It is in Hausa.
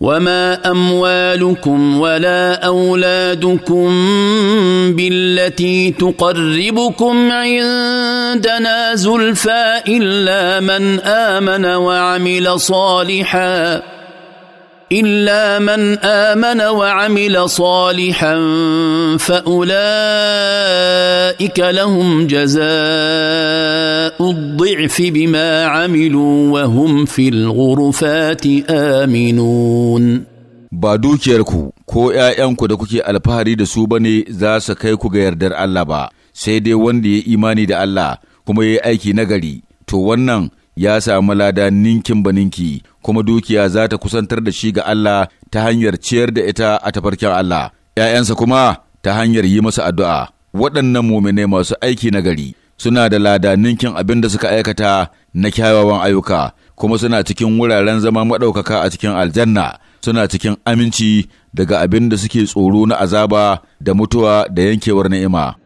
وما اموالكم ولا اولادكم بالتي تقربكم عندنا زلفى الا من امن وعمل صالحا الا من امن وعمل صالحا فاولئك لهم جزاء الضعف بما عملوا وهم في الغرفات امنون ba dukiyarku ko ’ya'yanku da kuke alfahari da su bane za su kai ku ga yardar Allah ba, sai dai wanda ya imani da Allah kuma ya yi aiki nagari, to wannan ya samu lada ninkin baninki kuma dukiya za ta kusantar da shi ga Allah ta hanyar ciyar da ita a tafarkin Allah ‘ya'yansa kuma ta hanyar yi masa addu'a waɗannan mumine masu aiki na gari suna da lada ninkin abin da suka aikata na kyawawan ayyuka kuma suna cikin wuraren zama maɗaukaka a cikin aljanna suna cikin aminci daga abin da suke tsoro na azaba da mutuwa da yankewar ni'ima.